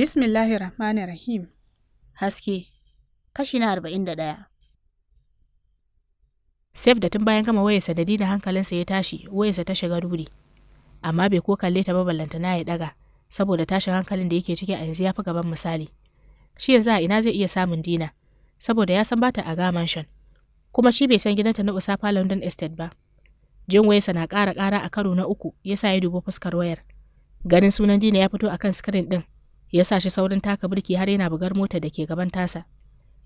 Bismillahir Rahmanir Rahim. Haske, kashi na arba'in da ɗaya. da tun bayan gama wayarsa da dina hankalinsa ya tashi, wayarsa ta shiga ruri. Amma bai ko kalle ta ba na ya ɗaga, saboda tashin hankalin da yake ciki a yanzu ya fi gaban misali. Shi yanzu a ina zai iya samun dina, saboda ya san bata a ga mansion. Kuma shi bai san gidanta na Usafa London Estate ba. Jin wayarsa na ƙara ƙara a karo na uku, yasa ya dubo fuskar wayar. Ganin sunan dina ya fito a kan sikirin ɗin, ya sa shi saurin taka birki har yana bugar mota da ke gaban tasa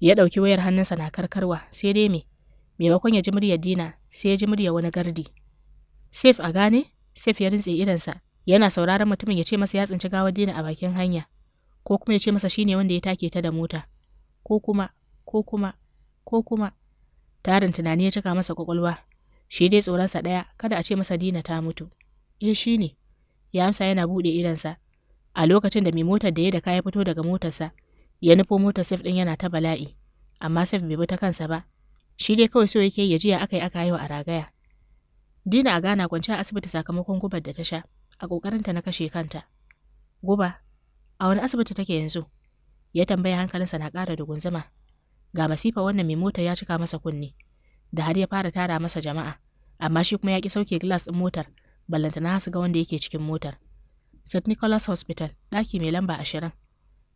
ya ɗauki wayar hannunsa na karkarwa sai dai me maimakon ya ji muryar dina sai ya ji muryar wani gardi safe a gane safe ya rintse idansa yana sauraron mutumin ya ce masa ya tsinci gawar dina a bakin hanya ko kuma ya ce masa shine wanda ya take ta da mota ko kuma ko kuma ko kuma tarin tunani ya cika masa kwakwalwa shi dai tsoronsa ɗaya kada a ce masa dina ta mutu eh shine ya amsa yana buɗe idansa a lokacin da mai motar da ya da ya fito daga motarsa ya nufo motar sef ɗin yana ta bala'i amma sef bai bi ta kansa ba shi dai kawai so yake ya jiya aka yi aka haihu a ragaya dina a gana kwance a asibiti sakamakon gubar da ta sha a ta na kashe kanta guba a wani asibiti take yanzu ya tambaya hankalinsa na ƙara da gunzuma ga masifa wannan mai motar ya cika masa kunne da har ya fara tara masa jama'a amma shi kuma ya ki sauke gilas ɗin motar ballantana su ga wanda yake cikin motar St. Nicholas Hospital, ɗaki mai lamba ashirin.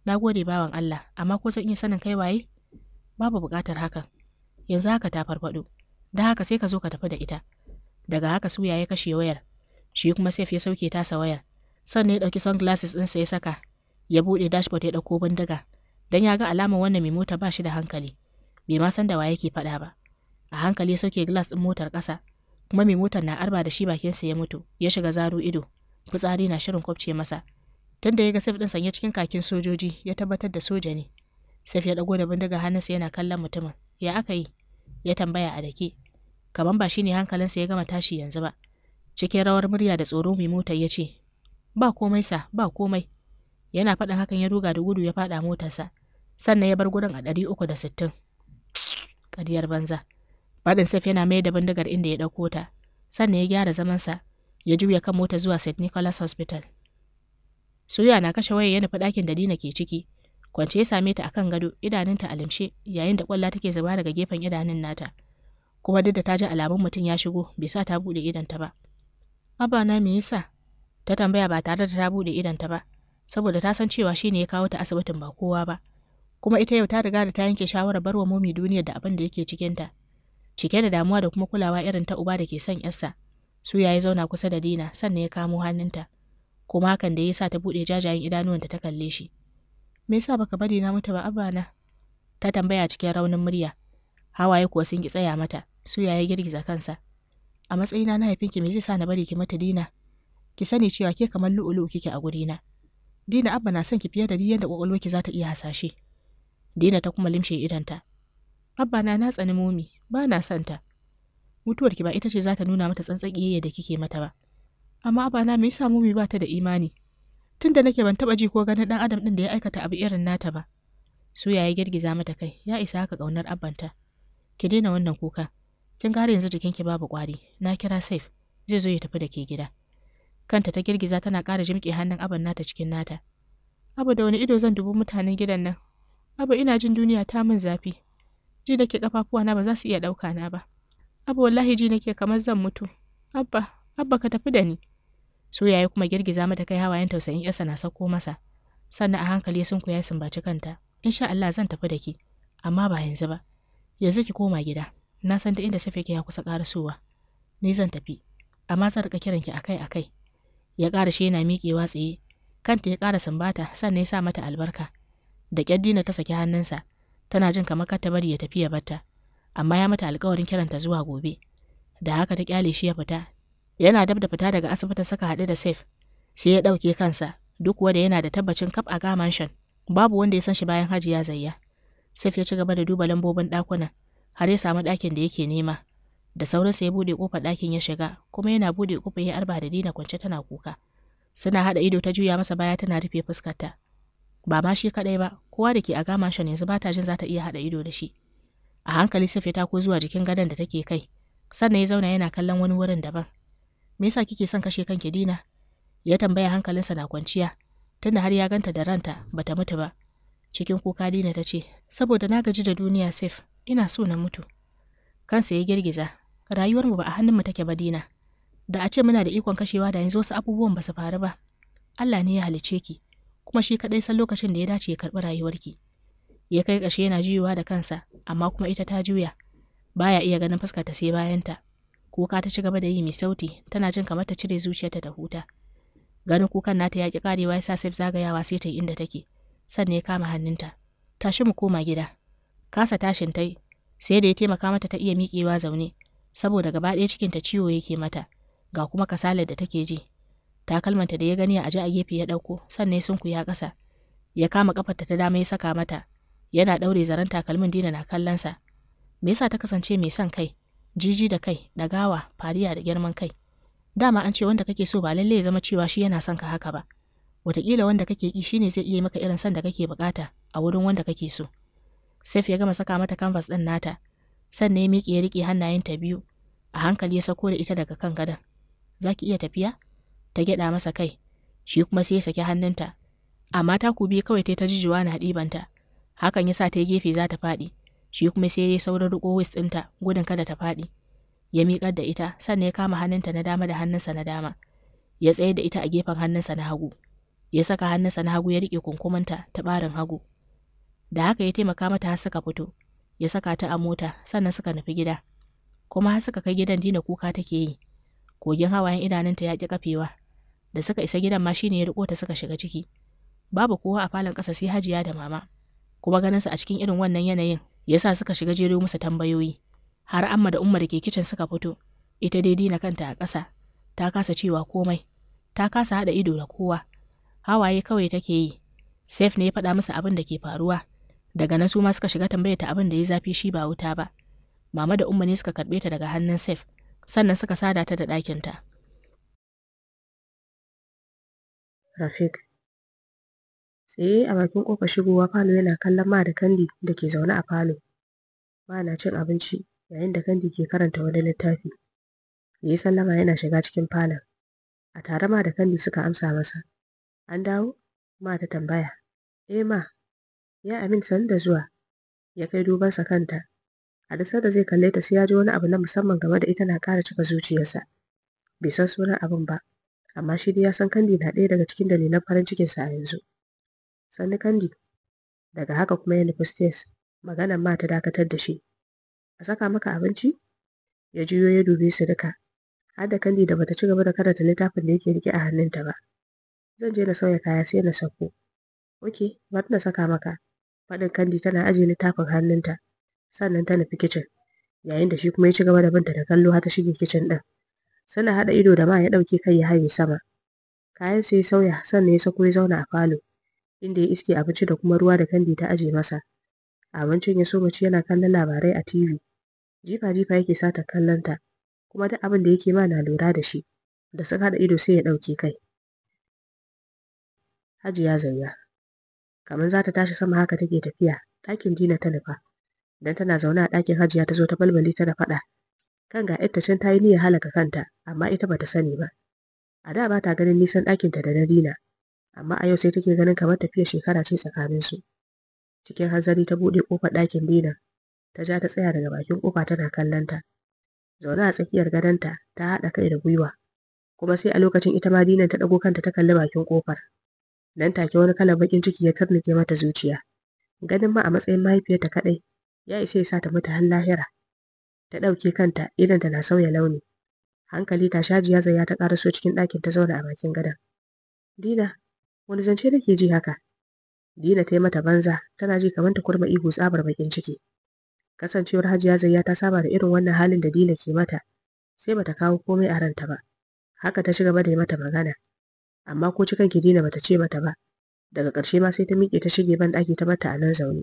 Na gode bawan Allah, amma ko zan iya sanin kai waye? Babu buƙatar hakan. Yanzu haka ta farfaɗo. Da haka sai ka zo ka tafi da ita. Daga haka suya ya kashe wayar. Shi kuma Saif ya sauke tasa wayar. Sannan ya ɗauki sunglasses ɗinsa ya saka. Ya buɗe dashboard ya ɗauko bindiga. Don ya ga alamar wannan mai mota ba shi da hankali. Bai ma san da waye yake faɗa ba. A hankali ya sauke glass ɗin motar ƙasa. Kuma mai motar na arba da shi bakinsa ya mutu. Ya shiga zaro ido. fitsari na shirin kwabce masa tunda ya ga Saif ɗin sanye cikin kakin sojoji ya tabbatar da soja ne Saif ya dago da bindiga hannunsa yana kallon mutumin ya aka yi ya tambaya a dake kaman ba shi shine hankalinsa ya gama tashi yanzu ba cikin rawar murya da tsoro mai motar ya ce ba komai sa ba komai yana faɗin hakan ya duga da gudu ya faɗa motarsa sannan ya bar gurin a ɗari uku da sittin ƙaryar banza faɗin Saif yana mai da bindigar inda ya ɗauko ta sannan ya gyara zamansa ya juya kan mota zuwa St. Nicholas Hospital. Suya na kashe waya ya nufi ɗakin da Dina ke ciki, kwance ya same ta akan gado idanunta a limshe yayin da kwalla take zuba daga gefen idanun nata. Kuma duk da ta ji alamun mutum ya shigo bai sa ta buɗe idanta ba. Abba na me yasa? Ta tambaya ba tare da ta buɗe idanta ba, saboda ta san cewa shine ya kawo ta asibitin ba kowa ba. Kuma ita yau ta riga da ta yanke shawarar barwa momi duniyar da abin da yake cikinta. Cike da damuwa da kuma kulawa irin ta uba da ke son 'yarsa. Su ya yi zauna kusa da Dina sannan ya kamo hannunta, kuma hakan da ya sa ta buɗe jajayen idanuwanta ta kalle shi. Me yasa baka bari na mutu ba abana? Ta tambaya cikin raunin murya. Hawaye kuwa sun ki tsaya mata, Su ya girgiza kansa. A matsayina na haifinki me zai sa na bari ki mata Dina? Ki sani cewa ke kamar lu'ulu kike a gurina. Dina abba na son ki fiye da ni yadda kwakwalwarki za ta iya hasashe. Dina ta kuma limshe idanta. Abba na na tsani momi, ba na son ta. Mutuwar ki ba ita ce za ta nuna mata tsantsan iyayya da kike mata ba amma abana me yasa mu ba ta da imani tunda nake ban taba ji ko ganin dan adam din da ya aikata abu irin nata ba Su ya girgiza mata kai ya isa haka kaunar abbanta ki daina wannan kuka kin gare yanzu jikin ki babu kwari na kira saif zai zo ya tafi da ke gida kanta ta girgiza tana ƙara jimƙe hannun aban nata cikin nata abu da wani ido zan dubi mutanen gidan nan abu ina jin duniya ta min zafi ji da ke kafafuwa na ba za su iya ɗauka na ba abu wallahi ji nake kamar zan mutu. Abba, Abba ka tafi da ni. So ya kuma girgiza mata kai hawayen tausayin yasa na sako masa. Sannan a hankali sun ku ya sumbaci kanta. Insha Allah zan tafi da ki, amma ba yanzu ba. Yanzu ki koma gida. Na san da inda ke ya kusa karasowa. Ni zan tafi, amma zan rika kiran ki akai-akai. Ya ƙara shi yana miƙewa tsaye. Kanta ya ƙara sambata sannan ya sa mata albarka. Da kyaddina ta saki hannunsa. Tana jin kamar kar ta bari ya tafi ya batta. amma ya mata alkawarin kiranta zuwa gobe. Da haka ta kyale shi ya fita. Yana dab da fita daga asibitin saka haɗu da safe. sai ya ɗauke kansa, duk wanda yana da tabbacin kaf a gamanshon, babu wanda ya san shi bayan hajiya zayya. safe ya ci gaba da duba lambobin ɗakunan, har ya samu ɗakin da yake nema. Da sauransa ya buɗe kofar ɗakin ya shiga, kuma yana buɗe kofar ya arba da dina kwance tana kuka. Suna haɗa ido ta juya masa baya tana rufe fuskarta. Ba ma shi kaɗai ba, kowa da ke a gamanshon yanzu ba ta jin za ta iya haɗa ido da shi. A hankali Sif ya ko zuwa jikin gadon da take kai, sannan ya zauna yana kallon wani wurin daban. Me yasa kike son kashe kanki Dina? Ya tambaya hankalinsa na kwanciya, tunda har ya ganta da ranta bata mutu ba. Cikin kuka Dina ta ce, saboda na gaji da duniya Sif, ina so na mutu. Kansa ya girgiza, rayuwarmu ba a hannunmu take ba Dina. Da a ce muna da ikon kashewa da yanzu wasu abubuwan ba su faru ba. Allah ne ya halicce ki, kuma shi kaɗai san lokacin da ya dace ya karɓi rayuwarki. ya kai ƙashe yana juyowa da kansa amma kuma ita ta juya baya iya ganin ta sai bayan ta. kuka ta ci gaba da yi mai sauti tana jin kamar ta cire zuciyarta ta huta ganin kukan nata ya ki karewa ya sa sai zagayawa sai ta yi inda take sannan ya kama hannunta tashi mu koma gida kasa tashin tai sai da ya taimaka mata ta iya miƙewa zaune saboda gaba ɗaya cikin ta ciwo yake mata ga kuma kasalar da take ji takalmanta da ya gani a ji a gefe ya ɗauko sannan ya kasa. ƙasa ya kama ƙafarta ta dama ya saka mata Yana ɗaure zaren takalmin Dina na kallonsa. Me yasa ta kasance mai son kai, jiji da kai, da gawa, fariya da girman kai. Dama an ce wanda kake so ba lallai ya zama cewa shi yana son ka haka ba. Wataƙila wanda kake ki shi ne zai iya maka irin son da kake bukata a wurin wanda kake so. Saif ya gama saka mata kanvas ɗin nata, sannan ya miƙe ya riƙe hannayenta biyu, a hankali ya sako da ita daga kan gadon. Za ki iya tafiya? Ta gyaɗa masa kai, shi kuma sai ya saki hannunta, amma ta kubi kawai ta jijiwa na ɗibanta. hakan ya sa ta yi gefe za ta faɗi shi kuma sai dai saurin riko wis ɗinta gudun kada ta faɗi ya miƙar da ita sannan ya kama hannunta na dama da hannunsa na dama ya tsaye da ita a gefen hannunsa na hagu ya saka hannunsa na hagu ya riƙe kunkumanta ta ɓarin hagu da haka ya taimaka mata har suka fito ya saka ta a mota sannan suka nufi gida kuma har suka kai gidan dina kuka take yi kogin hawayen idanunta ya ƙi kafewa da suka isa gidan ma shine ya riko ta suka shiga ciki babu kowa a falon ƙasa sai hajiya da mama kuma ganin a cikin irin wannan yanayin sa suka shiga jero musu tambayoyi har amma da umma da ke kicin suka fito ita dai dina kanta a ƙasa ta kasa cewa komai ta kasa haɗa ido da kowa hawaye kawai take yi sef ne ya faɗa musu abin da ke faruwa daga nan su ma suka shiga tambaya ta abin da ya zafi shi ba wuta ba mama da umma ne suka karɓe ta daga hannun sef sannan suka sada ta da ɗakinta. Rafik, Tsaye eh, a bakin ƙofar shigowa falo yana kallon ma da Kandi da ke zaune a falo. Ma na cin abinci yayin da Kandi ke karanta wani littafi. Ya yi sallama yana shiga cikin falon. A tare ma da Kandi suka amsa masa. An dawo? Ma ta tambaya. Eh ma, ya Amin san da zuwa. Ya kai dubansa kanta. A duk da zai kalle ta sai ya ji wani abu na musamman game da ita na ƙara cika zuciyarsa. Bai san sunan abin ba, amma shi dai ya san Kandi na ɗaya daga cikin dalilan farin cikinsa a yanzu. Sannu Kandi. Daga haka kuma ya nufi stairs. maganan ma ta dakatar da shi. A saka maka abinci? Ya juyo ya dube su duka. Har da Kandi da bata cigaba gaba da karanta littafin da yake rike a hannunta ba. Zan je na sauya kaya sai na sauko. Ok, bari na saka maka. Faɗin Kandi tana ajiye littafin hannunta. Sannan ta nufi kicin. Yayin da shi kuma ya ci gaba da binta da kallo har ta shige kicin ɗin. Suna haɗa ido da ma ya ɗauke kai ya haye sama. Kayan sai sauya sannan ya sako ya zauna a falo. inda ya iske abinci da kuma ruwa da kandi ta ajiye masa. Abincin ya soma ci yana kallon labarai a TV. Jifa-jifa yake sata kallon ta, kuma duk abin da yake ma na lura da shi, da sun haɗa ido sai ya ɗauke kai. Hajiya Zayya. Kamar za ta tashi sama haka take tafiya, ɗakin Dina ta nufa. Dan tana zaune a ɗakin Hajiya ta zo ta ta tana faɗa. Kan ga ‘yarta can ta yi niyyar halaka kanta, amma ita bata sani ba. A da bata ganin nisan ɗakinta da na Dina, amma a yau sai take ganin kamar tafiyar shekara ce tsakanin su Cikin hanzari ta buɗe ƙofar ɗakin dinar. ta ja ta tsaya daga bakin kofa tana kallon ta. Zaune a tsakiyar gadonta ta haɗa kai da gwiwa, kuma sai a lokacin ita ma dinan ta ɗago kanta ta kalli bakin kofar. Nan take wani kalan baƙin ciki ya tarnike mata zuciya. Ganin ma a matsayin mahaifiyarta kaɗai ya isa ya sa ta mutu har lahira. Ta ɗauke kanta ta na sauya launi. Hankali ta shajiya zai ya ta ƙaraso cikin ɗakin ta zauna a bakin gadon. Dina, wani zance ke ji haka dina ta yi mata banza tana ji kamar ta kurma ihu tsabar bakin ciki kasancewar hajiya zayya ta saba da irin wannan halin da dina ke mata sai bata kawo komai a ranta ba haka ta shiga da mata magana amma ko cikan ki dina bata ce mata ba daga ƙarshe ma sai ta miƙe ta shige ban ɗaki ta mata a nan zaune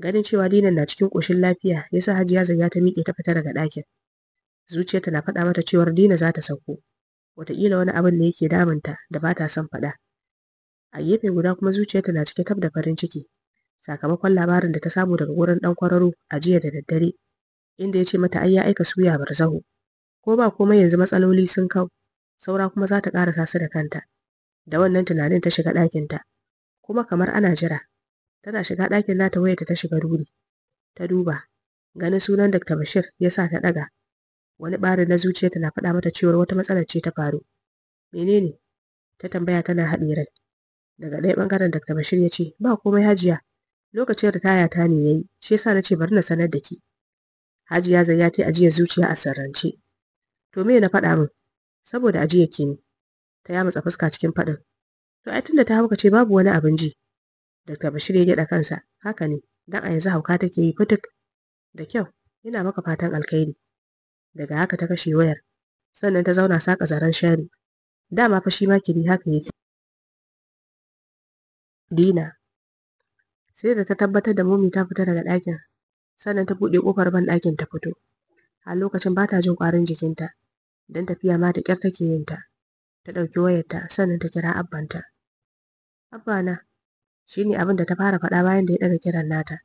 ganin cewa dina na cikin ƙoshin lafiya yasa hajiya zayya ta miƙe ta fita daga ɗakin zuciyarta na faɗa mata cewar dina za ta sauko wataƙila wani abin ne yake damunta da ba ta son faɗa a gefe guda kuma zuciyarta na cike tab da farin ciki sakamakon labarin da ta samu daga wurin ɗan kwararo a jiya da daddare inda ya ce mata ai ya aika suya zaho. ko ba komai yanzu matsaloli sun kau saura kuma za ta ƙara sasu da kanta da wannan tunanin ta shiga ɗakinta kuma kamar ana jira tana shiga ɗakin nata wayarta ta shiga ruri ta duba ganin sunan Dr. Bashir ya sa ta ɗaga wani ɓarin na zuciyarta na faɗa mata cewar wata matsalar ce ta faru menene ta tambaya tana haɗe rai daga ɗaya ɓangaren dr bashir ya ce ba komai hajiya lokacin taya ta ne yayi shi yasa na ce bari na sanar da ki hajiya zai ya ta ajiyar zuciya a sirrance. to me na faɗa min saboda ajiyar ke ne ta ya matsa fuska cikin faɗin to ai tunda ta hauka ce babu wani abin ji dr bashir ya gyaɗa kansa haka ne dan a yanzu hauka take yi fituk da kyau ina maka fatan alkhairi daga haka ta kashe wayar sannan ta zauna saka zaren shari dama fa shi ma kiri haka yake Dina. Sai da ta tabbatar da Momi ta fita daga ɗakin, sannan ta buɗe ƙofar banɗakin ta fito. A lokacin ba ta jin ƙwarin jikinta, don tafiya ma da ƙyar take yin ta. Ta ɗauki wayarta sannan ta kira abbanta. Abba na, shi ne abin da ta fara faɗa bayan da ya ɗaga kiran nata.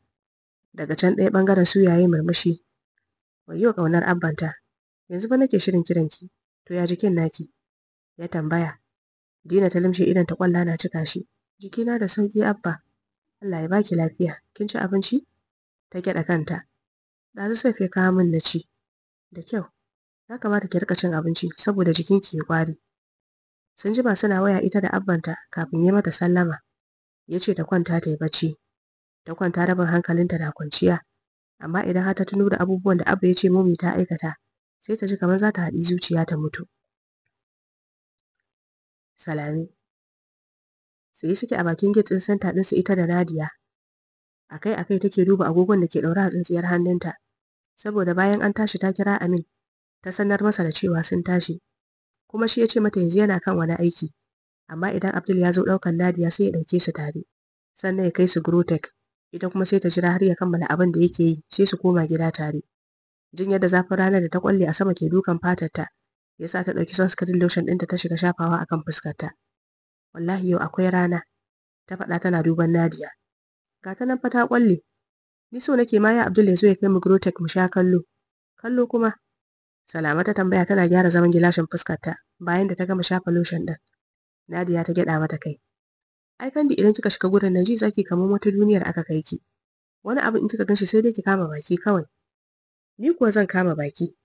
Daga can ɗaya ɓangaren su yayi murmushi. Wayyo ƙaunar abbanta, yanzu ba nake shirin kiranki, to ya jikin naki? Ya tambaya. Dina ta limshe idon ta ƙwalla na cika shi. Jikina da sauƙi Abba. Allah ya baki lafiya. Kin ci abinci? Ta gyaɗa kanta. Ɗazu sai kai kawo min na ci. Da kyau. Ya kamata ki riƙa cin abinci saboda jikinki ya ƙwari. Sun ji ba suna waya ita da abbanta kafin ya mata sallama. Ya ce ta kwanta ta yi bacci. Ta kwanta rabin hankalinta na kwanciya. Amma idan har ta tuno da abubuwan da Abba ya ce Mummy ta aikata, sai ta ji kamar za ta haɗi zuciya ta mutu. salami Tsaye suke a bakin gate ɗin santa ɗinsu ita da Nadia. Akai-akai take duba agogon da ke ɗaure a tsintsiyar hannunta. Saboda bayan an tashi ta kira Amin, ta sanar masa da cewa sun tashi. Kuma shi ya ce mata yanzu yana kan wani aiki. Amma idan Abdul ya zo ɗaukan Nadia sai ya ɗauke su tare. Sannan ya kai su Grotech Ita kuma sai ta jira har ya kammala abin da yake yi sai su koma gida tare. Jin yadda zafin ranar da ta kwalle a sama ke dukan fatarta, ya sa ta ɗauki sunscreen lotion ɗinta ta shiga shafawa akan fuskarta. Wallahi yau akwai rana, ta faɗa tana duban Nadiya. Ga ta nan fa ta Ni so nake ma ya Abdul ya zo ya kai mu Grotek mu sha kallo. Kallo kuma? Salama ta tambaya tana gyara zaman gilashin ta bayan da ta gama shafa lotion ɗin. Nadiya ta gyaɗa mata kai. Ai di idan kika shiga gurin nan ji zaki kamar wata duniyar aka kai ki. Wani abu in kika ganshi sai dai ki kama baki kawai. Ni kuwa zan kama baki.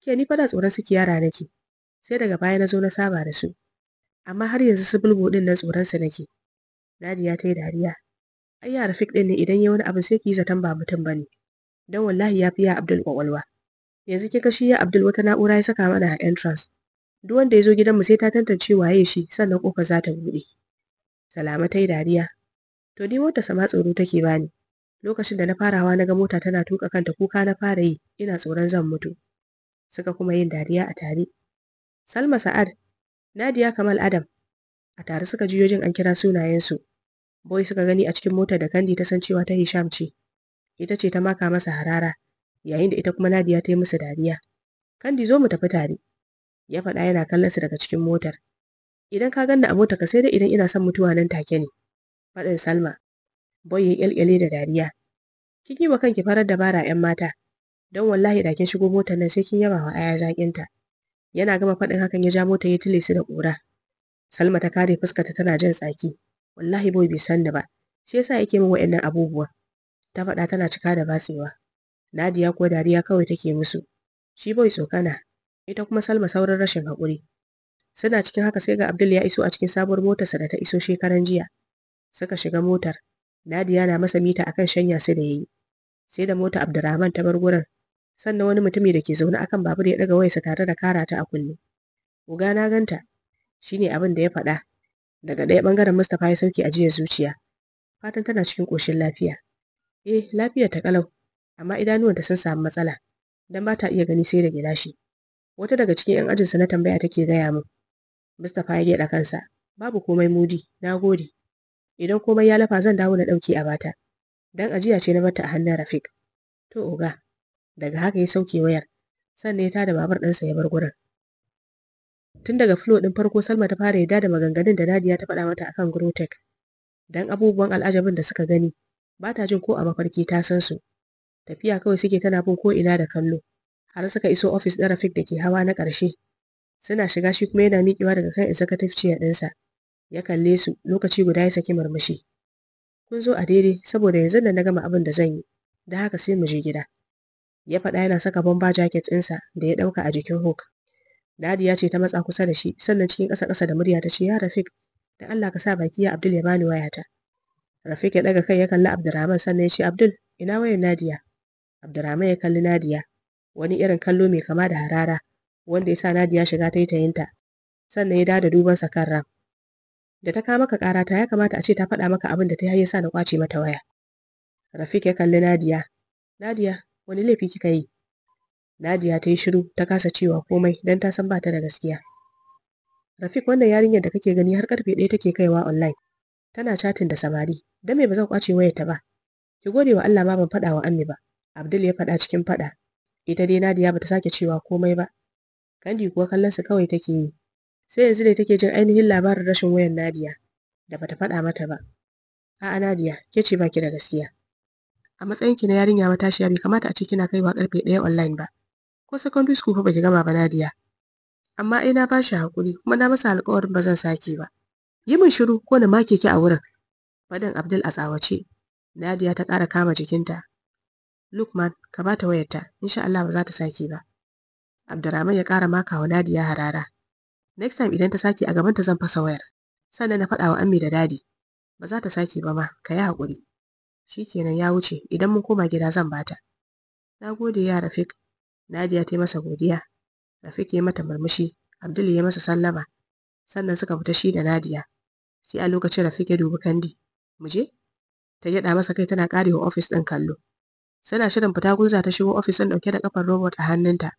Ke ni fa da tsoron su yara nake. Sai daga baya na zo na saba da su. amma har yanzu su ɗin nan tsoronsa nake. Nadiya ta yi dariya. Ai ya Rafiq ɗin ne idan ya wani abu sai ki zaton ba mutum bane dan wallahi ya fi ya Abdul ƙwaƙwalwa. Yanzu kika shi ya Abdul wata na'ura ya saka mana a entrance. Duk wanda ya zo gidanmu sai ta tantance waye shi sannan kofar za ta buɗe. Salama ta yi dariya. To ni wata sama tsoro take bani. Lokacin da na farawa na ga mota tana tuka kanta kuka na fara yi ina tsoron zan mutu. Suka kuma yin dariya a tare. Salma Sa'ad Nadia Kamal Adam a tare suka juyo jin an kira sunayensu. Boy suka gani a cikin motar da Kandi ta san cewa ta Hisham ce. Ita ce ta maka masa harara yayin da ita kuma Nadia ta yi musu dariya. Kandi zo mu tafi tare. Ya faɗa yana kallon su daga cikin motar. Idan ka ganna a mota ka sai dai idan ina son mutuwa nan take ne. Faɗin Salma. Boy ya kyalkyale da dariya. Kin yi wa kanki farar dabara 'yan mata. Don wallahi da kin shigo motar nan sai kin yaba wa aya zaƙinta. ta. yana gama faɗin hakan ya ja mota ya tule su da ƙura salma ta kare ta tana jan tsaki wallahi boy bai san da ba shi yasa yake min wa'annan abubuwa ta faɗa tana cika da batsewa nadiya ko dariya kawai take musu shi boy tsokana ita kuma salma saurin rashin haƙuri suna cikin haka sai ga abdul ya iso a cikin sabuwar motarsa da ta iso shekaran jiya suka shiga motar nadiya na masa mita akan shanya su da yayi sai da mota abdurrahman ta bar gurin sannan wani mutumi da ke zaune akan babur ya ɗaga wayarsa tare da kara ta a kunne Oga na ganta shine abin da ya faɗa daga ɗaya ɓangaren Mustapha ya sauke ajiyar zuciya fatan tana cikin ƙoshin lafiya eh lafiyar ta kalau amma idanuwanta sun samu matsala dan ba ta iya gani sai da gilashi wata daga cikin yan ajinsa na tambaya take gaya min Mustapha ya gyaɗa kansa babu komai mudi na gode idan komai ya lafa zan dawo na ɗauki a bata dan ajiya ce na bata a hannun Rafiq to oga daga haka ya sauke wayar sannan ya tada babur ɗinsa ya bar gurin tun daga flo ɗin farko salma ta fara yadda da maganganun da nadiya ta faɗa mata akan grotek dan abubuwan al'ajabin da suka gani ba ta jin ko a mafarki ta san su tafiya kawai suke tana bin ko ina da kallo har suka iso ofis ɗin rafik da ke hawa na ƙarshe suna shiga shi kuma yana miƙewa daga kan executive chair ɗinsa ya kalle su lokaci guda ya saki murmushi kun zo a daidai saboda yanzu nan na gama abin da zan yi da haka sai mu je gida ya faɗa yana saka bomba jacket ɗinsa da ya ɗauka a jikin hook ya ce ta matsa kusa da shi sannan cikin ƙasa ƙasa da murya ta ce ya Rafik da Allah ka sa baki ya Abdul ya bani wayata Rafik ya ɗaga kai ya kalli Abdurrahman sannan ya ce Abdul ina wayar Nadiya Abdurrahman ya kalli Nadiya wani irin kallo mai kama da harara wanda ya sa Nadiya shiga ta tayinta sannan ya dada sa kan ram da ta kawo maka karata ya kamata a ce ta faɗa maka abin da ta yi sa na kwace mata waya Rafik ya kalli Nadiya Nadiya wani laifi kika yi Nadiya ta yi shiru ta kasa cewa komai don ta san ba da gaskiya rafiq wannan yarinyar da kake gani har karfe ɗaya take kaiwa online tana chatting da samari dan me ba zan kwace wayar ta ba ki gode wa Allah ma ban faɗa wa Ammi ba Abdul ya faɗa cikin faɗa ita dai Nadiya bata sake cewa komai ba Kandi kuwa kallon su kawai take yi sai yanzu ne take jin ainihin labarin rashin wayar Nadiya da bata faɗa mata ba. A'a Nadiya, ke ce baki da gaskiya. a matsayinki na yarinya matashiya bai kamata a ce kina kai wa karfe ɗaya online ba ko secondary school fa baki gama ba Nadia. amma ai na bashi hakuri kuma na masa alƙawarin ba zan sake ba yi min shiru ko na make ki a wurin fadin Abdul a tsawace Nadiya ta ƙara kama jikinta Lukman ka bata wayarta insha Allah ba za ta sake ba Abdurrahman ya ƙara makawa Nadiya harara next time idan ta sake a gaban ta zan fasa wayar sannan na faɗa wa Ammi da Dadi ba za ta sake ba ma ka yi haƙuri Shi kenan ya wuce, idan mun koma gida zan bata. Na gode ya Rafik. Nadiya ta yi masa godiya. Rafik ya mata murmushi, Abdul ya masa sallama. Sannan suka fita shi da Nadiya. Sai a lokacin Rafik ya dubi Kandi. Mu je? Ta gyaɗa masa kai tana wa ofis ɗin kallo. Suna shirin fita gunza ta shigo ofis ɗin ɗauke da kafar robot a hannunta.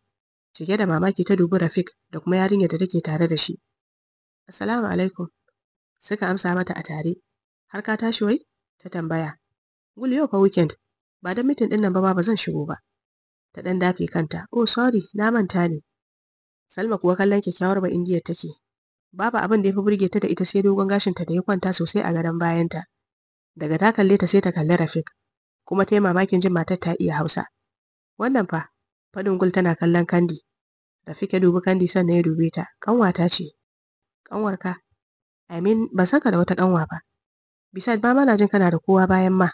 Cike da mamaki ta dubi Rafik da kuma yarinyar da take tare da shi. Assalamu alaikum. Suka amsa mata a tare. Har ka tashi wai? Ta tambaya. Gul yau fa weekend, ba da mitin din nan ba ba zan shigo ba. Ta ɗan dafe kanta, oh sorry, na manta ne. Salma kuwa kallon kyakkyawar ba indiyar take. Babu abin da ya fi burge ta da ita sai dogon gashinta da ya kwanta sosai a gadon ta Daga ta kalle ta sai ta kalli Rafik, kuma ta yi mamakin jin matar ta iya Hausa. Wannan fa, fadin gul tana kallon Kandi. Rafik ya dubi Kandi sannan ya dube ta, Kanwa ta ce. ka. I mean, ban san ka da wata kanwa ba. Bisad ba mana jin kana da kowa bayan ma.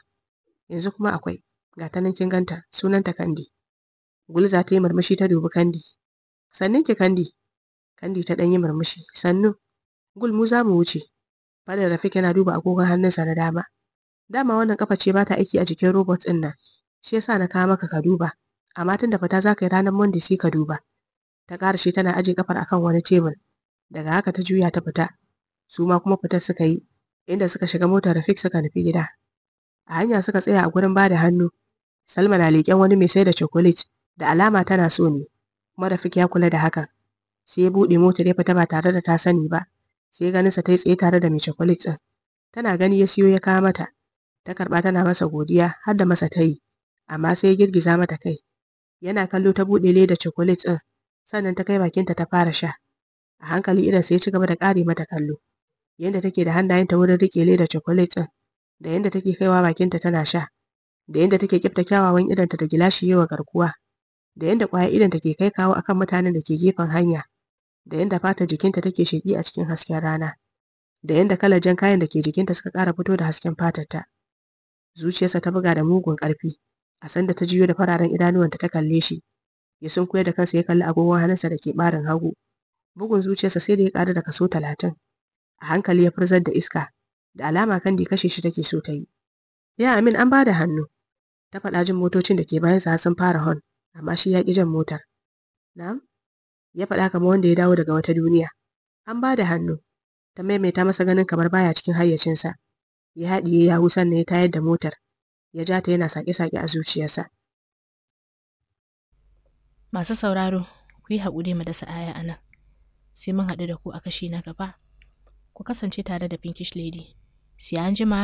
yanzu kuma akwai ga ta nan kin ganta sunanta kandi za ta yi murmushi ta dubi kandi sannin ki kandi kandi ta ɗan yi murmushi sannu gul mu za mu wuce fadar rafik yana duba agogon hannunsa na dama dama wannan kafa ce ba ta aiki a jikin robot ɗin nan shi yasa na kawo maka ka duba amma tun da fita za ka yi ranar monday sai ka duba ta shi tana aje kafar akan wani tebur daga haka ta juya ta fita su ma kuma fitar suka yi inda suka shiga motar rafik suka nufi gida a hanya suka tsaya a gurin bada hannu salma na leƙen wani mai saida da chocolate da alama tana so ne kuma ya kula da hakan sai ya buɗe motar ya fita ba tare da ta sani ba sai ganinsa ta yi tsaye tare da mai chocolate ɗin tana gani ya siyo ya kawo mata ta karɓa tana masa godiya har da masa ta yi amma sai ya girgiza mata kai yana kallo ta buɗe leda chocolate ɗin sannan ta kai bakinta ta fara sha a hankali idon sai ya ci gaba da ƙare mata kallo yadda take da hannayenta wurin riƙe leda chocolate ɗin da yadda take kaiwa bakinta tana sha da yadda take kifta kyawawan idanta da gilashi yawa garkuwa da yadda kwaya idanta ke kai kawo akan mutanen da ke gefen hanya da yadda fatar jikinta take sheƙi a cikin hasken rana da yadda kalar jan kayan da ke jikinta suka ƙara fito da hasken fatarta zuciyarsa ta buga da mugun ƙarfi a sanda ta jiyo da fararen idanuwanta ta kalle shi ya sun sunkuya da kansa ya kalli agogon hannunsa da ke ɓarin hagu bugun zuciyarsa sai da ya ƙara da kaso talatin a hankali ya furzar da iska da alama kandi kashe shi take so ta yi ya amin an bada hannu ta faɗa jin motocin da ke bayan sa sun fara hon amma shi ya ƙi jan motar na'am ya faɗa kamar wanda ya dawo daga wata duniya an bada hannu ta maimaita masa ganin kamar baya cikin hayyacinsa ya haɗiye ya yahu sannan ya tayar da motar ya ja ta yana saƙe-saƙe a zuciyarsa masu sauraro ku yi haƙuri mu dasa aya a nan sai mun haɗu da ku a kashi na gaba ku kasance tare da pinkish lady 洗干净吗？